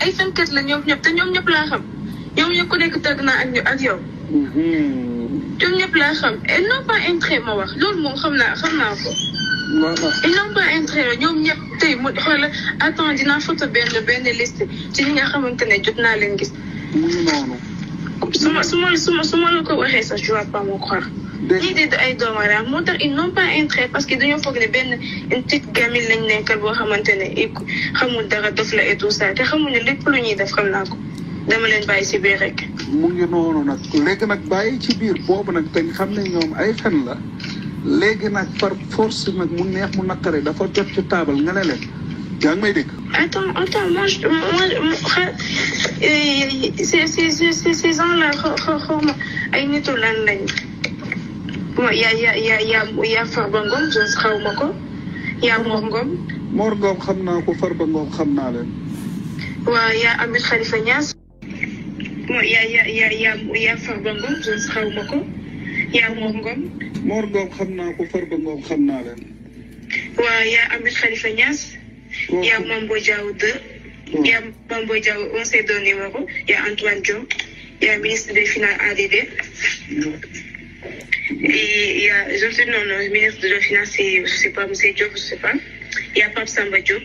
ay fenkat la ñoom ñëpp te ñoom ñëpp laa xam ñoom ñëpp ku nekk tëgg naa ak ñu ak yow. Mm-hmm. ñoom ñëpp laa xam et non pas intérêt ma wax loolu moom xam naa xam naa ko. waaw ils n'ont pas intérêt ñoom ñëpp tey mu xoolal attends dinaa foto benn benn liste ci ñi nga xamante ne jot naa leen gis. su ma su ma su ma la ko waxee sa je vois pas mon croire. déedéet ay doomu aadama moo tax ils n'ont pas intérêt parce que dañoo foog ne benn une petite gamine lañ nekkal boo xamante ne xamul dara def la et tout ça te xamul ne lépp lu ñuy def xam naa ko dama leen bàyyi ci biir rek. mu ngi noonu nag léegi nag bàyyi ci biir boobu nag te xam ne ñoom ay fen la léegi nag par force nag mu neex mu naqare dafa jot ci taabal nga ne leen yaa ngi may dégg. attends attends moi je moi ces ces ces ces gens là xaw ma ay nitu lan lañ. ya ya ya ya ya yaa Farba Ngom Zoss ya ma ko yaa Mor Ngom. Mor ya xam naa ya ya ya ya ya leen. waaw yaa Amit ya Niass. moo yaa yaa yaa yaa ya Farba Ngom ya Mambo Diaw ya Mambo Diaw on s'est ya Antoine Diop ya ministre des finances ADD. Et il y a, je sais, non, le ministre de la Finance, je ne sais pas, M. Diop, je ne sais pas. Il y a Pape Samba Diop,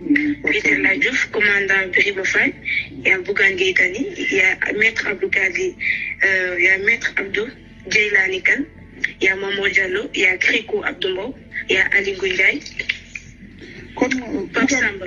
mm, Peter Ladjouf, commandant Bribofan, il y a Bougan Gaitani, il y a Maître Abdou euh, il y a Maître Abdou, Djeila Nikan, il y a Maman Diallo, il y a Kriko Abdoumo il y a Ali Gouilay, Pape Samba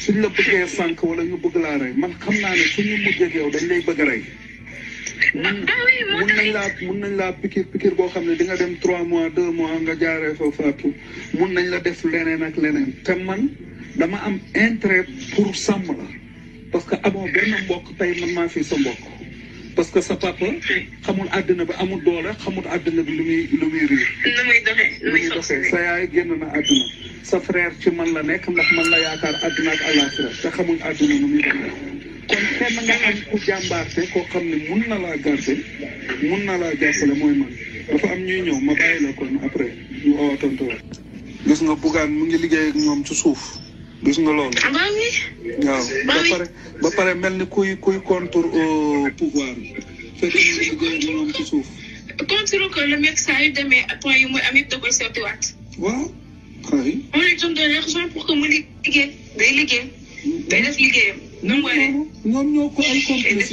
suñ la bëggee sànq wala ñu bëgg laa rey man xam naa ne suñu mujjee ak yow dañ lay bëgg a rey. Ah mun nañ laa mun nañ laa pikir pikir boo xam ne di nga dem trois mois deux mois nga jaaree fa faatu mun nañ la def leneen ak leneen te man dama am intérêt pour sàmm la parce que amoo benn mbokk tey man maa fi sa mbokk parce que sa papa xamul àddina bi amul doole xamul àddina bi lu muy lu muy riir sa yaay génn na àddina sa frère ci man la nek ndax man la yaakar aduna ak àllaaxira te xamuñ àdduna nu muy def kon kenn nga am ku jàmbaarte koo xam mun na la garde mun na laa jàppale moy man dafa am ñuy ñew ma bayila la kon après ñu oo tonto gis nga bugan mu ngi liggéey ak ñoom ci suuf gis nga lool waaw ba pare ba pare melni kuy kuy contre au pouvoir fekk ñu ngi liggéey ak ñoom ci suuf contre que le mec saa yu demee point muy am yëpp waaw oui. moom it doon donné day liggéey. day def liggéeyam. nu waree ñoom ko ay complices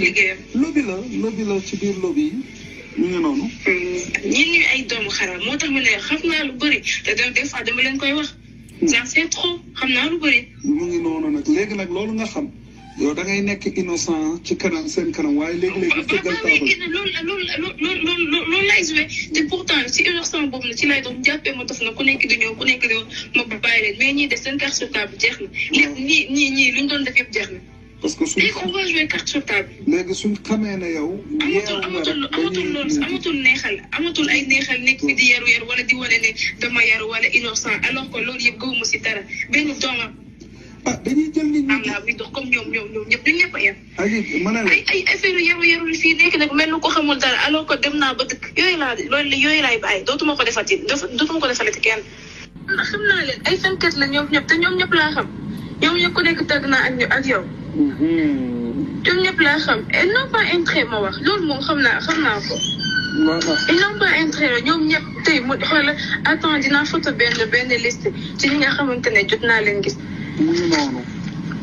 lobby la lobby ci biir lobby yi. ñu ngi noonu. ñun hmm. ñu ay doomu xaram moo tax ma ne xam naa lu bëri te des fois dama leen koy wax. Hmm. j'en sais trop xam naa lu bëri. mu ngi noonu nag léegi nag loolu nga xam. yow da ngay nekk innocent ci kanam seen kanam waaye léegi-léegi tëggal taabal loolu loolu loolu loolu laay joué te pourtant ci innocent boobu na ci lay doon jàppee ma dof na ku nekk di ñëw ku nekk di ma bàyyi leen mais ñii def seen carte sur table jeex na ah. lépp ñii ñii ñii lu ñu doon def yëpp jeex na parce que suñu léegi on va jouer carte sur table léegi suñ xamee ne yow amatul amatul amatul loolu amatul neexal amatul ay neexal nekk fi di yaru yaru wala di wane ne dama yaru wala innocent alors que loolu yëpp gëwuma si dara benn doomam ah dañuy jël nit ñi. am ah, bi dox comme ñoom ñoom ñoom ñëpp dañ ñëpp a yem. Aziz ma ne la ay ay affaire yaru yaru fii nekk nag mel ni ko naa ba dëkk loolu yooyu laay bàyyi dootuma ko defati dootuma ko defati kenn. Ah, xam naa ñoom ñëpp te ñoom ñëpp laa xam ñoom ñëpp ku nekk tàgg naa ak ñu ak yow. Mhm. ñëpp laa xam ils n'ont pas intérêt ma wax loolu moom xam naa xam naa ko. ils n'ont pas intérêt ñoom ñëpp tey mu xoolal attends dinaa foto benn benn liste ci ñi nga xamante ne jot naa leen gis. oui non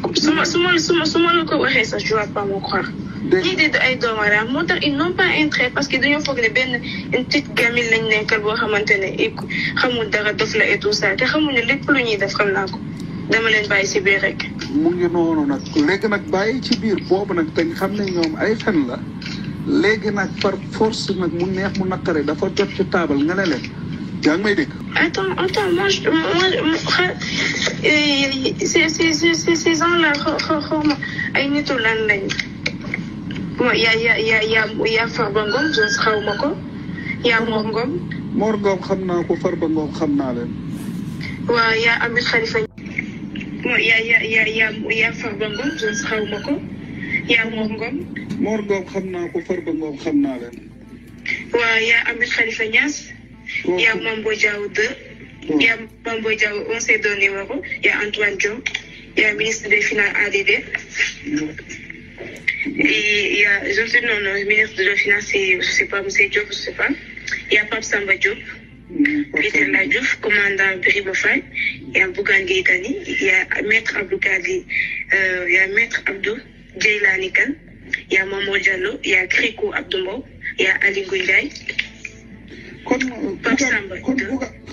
non suma suma suma suma la ko waxee sax je vois pas moo croire lii de du ay doomu aadama moo tax ils n'ont pas intérêt parce que dañoo foog ne benn une petite gamine lañ nekkal boo xamante ne xamul dara def la et tout ça te xamul ne lépp lu ñuy def xam naa ko dama leen bàyyi ci biir rek mu ngi noonu nag léegi nag bàyyi ci biir boobu nag dañ xam ne ñoom ay fen la léegi nag par force nag mu neex mu naqare dafa jot ci taabal nga ne leen yaa ngi may dégg attends attends moi moi ces eh, ces ces gens-là xaw ay nitu lan lañ bon yaa yaa yaa ko yaa Mor Ngom. xam naa ko Farba xam naa leen. waaw yaa Amit Khalifa. bon yaa yaa yaa ko yaa Mor Ngom. xam naa ko Farba xam naa leen. waaw yaa Amit Khalifa Niass. yaa Mambo Diaw Il y a Diallo, on s'est donné Il y a Antoine Diop. Il y a le ministre des Finances ADD. Et il y a, je sais, non, non, le ministre de la je ne sais pas, M. Diop, je ne sais pas. Il y a Pape Samba Diop. Peter Ladjouf, commandant Bribofan, il y a Bougan Gaitani, il y a Maître Abdou il y a Maître Abdou Djeilani Kan il y a Maman Diallo, il y a Kriko Abdoumbo, il y a Ali comme Pape Samba Diop.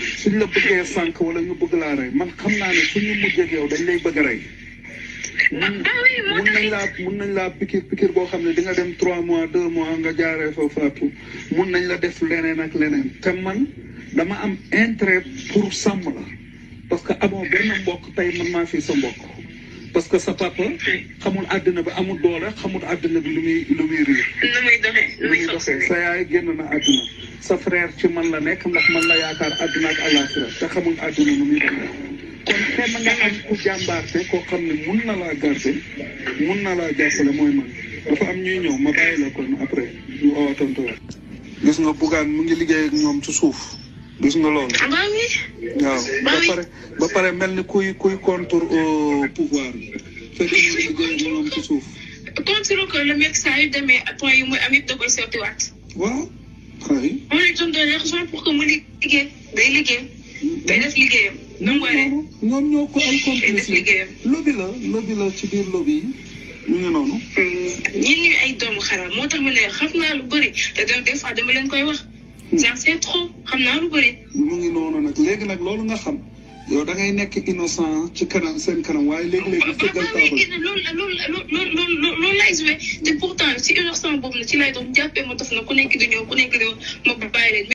suñ la bëggee sànq wala ñu bëgg laa rey man xam naa ne suñu mujjee ak yow dañ lay bëgg a rey. Ah mun nañ laa mun nañ laa pikir pikir boo xam ne di dem trois mois deux mois nga jaaree fa faatu mun nañ la def leneen ak leneen te man dama am intérêt pour sàmm la parce que amoo benn mbokk tey man maa fi sa mbokk parce que sa papa xamul àddina bi amul doole xamul àddina bi lu muy lu muy sa yaay génn na àddina sa frère ci man la nekk ndax man la yaakaar àdduna ak àllaaxira te xamuñ àdduna nu muy demee kon kenn nga am ku koo xam ne mun na laa garder mun na laa jàppale mooy man dafa am ñuy ñëw ma bàyyi la kon après ñu gis nga bugaan mu ngi liggéey ak ñoom ci suuf gis nga lool ah, waaw ba pare ba pare mel ni kuy kuy contre euh, pouvoir ko le mec saa yu demee point am yëpp da koy waaw oui. on est donné des raisons pour que mu liggéey day liggéey day def liggéeyam. nu waree ñoom ñoo ko ay compliqué. lobby la la ci biir lobby yi. ñu ngi noonu. Hmm, ñun ñu ay doom xaram moo tax ma ne xam naa lu bëri te des fois dama leen koy wax. Hmm. j'en sais trop xam naa lu bëri. mu ngi noonu nag léegi nag loolu nga xam. yow da ngay nekk innocent ci kanam seen kanam waaye léegi-léegi fëggal taabal loolu loolu loolu loolu laay joué te pourtant si innocent boobu la ci laay doon jàppee ma def na ku nekk di ñëw ku nekk di ma bàyyi leen